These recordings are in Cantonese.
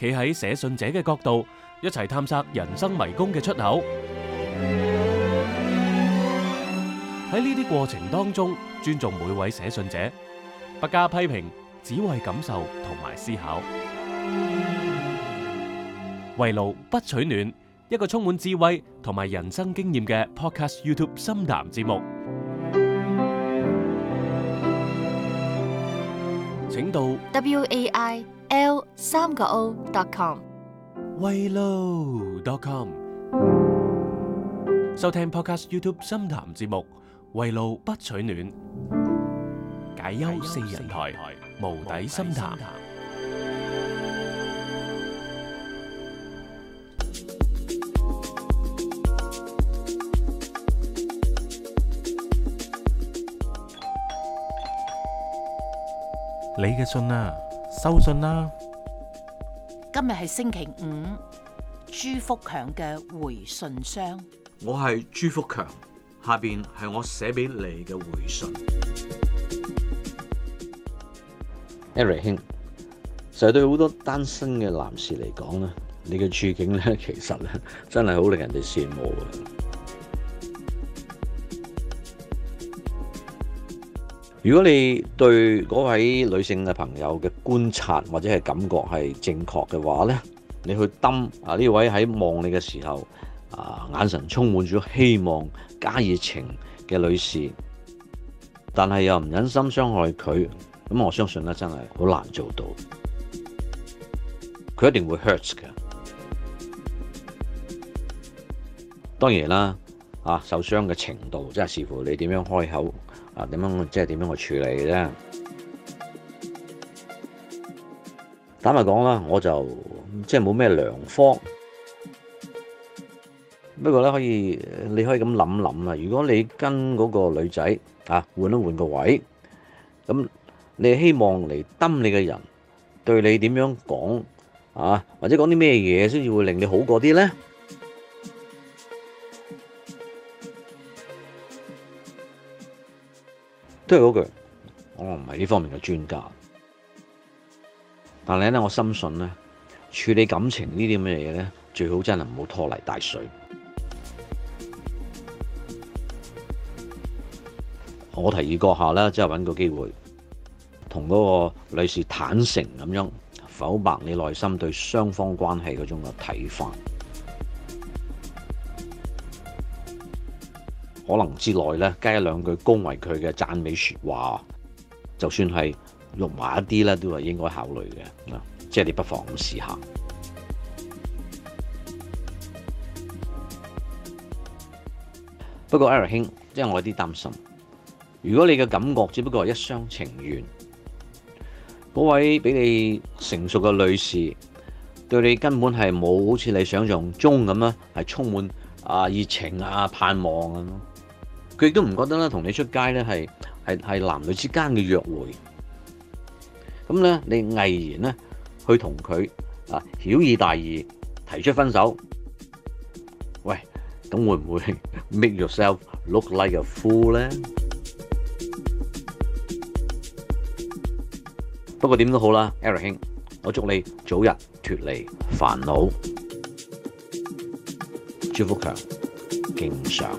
企喺寫信者嘅角度，一齊探索人生迷宮嘅出口。喺呢啲過程當中，尊重每位寫信者，不加批評，只為感受同埋思考。圍爐不取暖，一個充滿智慧同埋人生經驗嘅 Podcast YouTube 深談節目，請到 WAI。三個 O dot com，維路 dot com，收聽 Podcast YouTube 深談節目，維路不取暖，解憂四人台，無底深談。你嘅信啊，收信啊！今日係星期五，朱福強嘅回信箱。我係朱福強，下邊係我寫俾你嘅回信。Eric 兄，相對好多單身嘅男士嚟講咧，你嘅處境咧，其實咧，真係好令人哋羨慕啊！如果你對嗰位女性嘅朋友嘅觀察或者係感覺係正確嘅話咧，你去揼啊呢位喺望你嘅時候啊眼神充滿咗希望加熱情嘅女士，但係又唔忍心傷害佢，咁我相信咧真係好難做到，佢一定會 hurts 嘅。當然啦，啊受傷嘅程度即係視乎你點樣開口。啊，點樣即係點樣去處理呢？坦白講啦，我就即係冇咩良方。不過咧，可以你可以咁諗諗啦。如果你跟嗰個女仔啊換一換個位，咁你希望嚟揼你嘅人對你點樣講啊？或者講啲咩嘢先至會令你好過啲咧？都係嗰句，我唔係呢方面嘅專家，但係咧，我深信咧，處理感情呢啲咁嘅嘢咧，最好真係唔好拖泥帶水。我提議閣下咧，即係搵個機會，同嗰個女士坦誠咁樣否白你內心對雙方關係嗰種嘅睇法。可能之內咧，加一兩句恭維佢嘅讚美説話，就算係肉麻一啲咧，都係應該考慮嘅。啊，即係你不妨咁試下。不過 Eric 兄，因為我有啲擔心，如果你嘅感覺只不過係一廂情願，嗰位俾你成熟嘅女士對你根本係冇好似你想象中咁樣，係充滿啊熱情啊盼望咁、啊。佢都唔覺得啦，同你出街咧係係係男女之間嘅約會，咁咧你毅然咧去同佢啊曉以大義提出分手，喂，咁會唔會 make yourself look like a fool 咧？不過點都好啦，Eric 兄，我祝你早日脫離煩惱，朱福強敬上。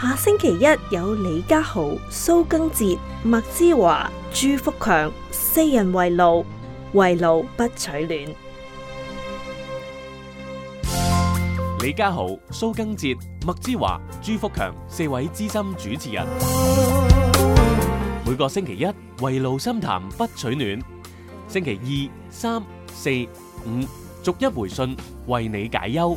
下星期一有李家豪、蘇更捷、麥子華、朱福強四人圍爐，圍爐不取暖。李家豪、蘇更捷、麥子華、朱福強四位資深主持人，每個星期一圍爐深談不取暖，星期二、三、四、五逐一回信為你解憂。